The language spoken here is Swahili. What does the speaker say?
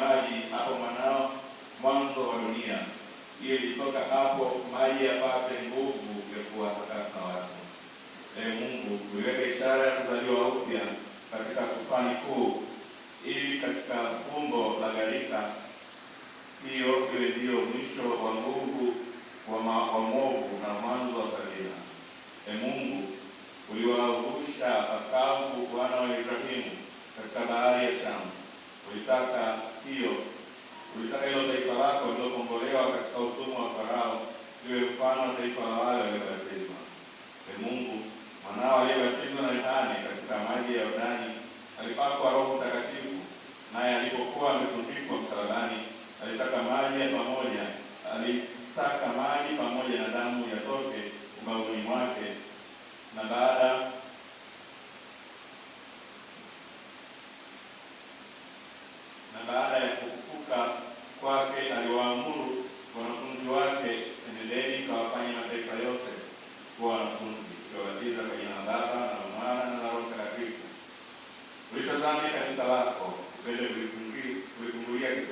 maji hapo mwanao mwanzo wa dunia, ili toka hapo maji yapate nguvu ya kuwatakasa watu. E Mungu, uiweke ishara ya kuzaliwa upya katika kufani kuu, ili katika fumbo la gharika hiyo iwe ndiyo mwisho wa nguvu wa mwovu na mwanzo wa kabila E Mungu, uliwavusha wakavu wana wa Ibrahimu katika bahari ya Shamu Ulitaka hiyo, ulitaka hilo taifa lako lilokombolewa katika utumwa wa Farao liwe mfano wa taifa la wale waliobatizwa. Ee Mungu, mwanao aliyebatizwa na ndani katika maji ya Yordani alipakwa Roho Mtakatifu, naye alipokuwa ametundikwa msalabani alitaka maji ya pamoja na baada ya kufufuka kwake aliwaamuru wanafunzi wake, endeleni kawafanye mataifa yote kuwa wanafunzi, ukiwabatiza kwa jina la Baba na la Mwana na la Roho Mtakatifu. Ulitazame kanisa lako upende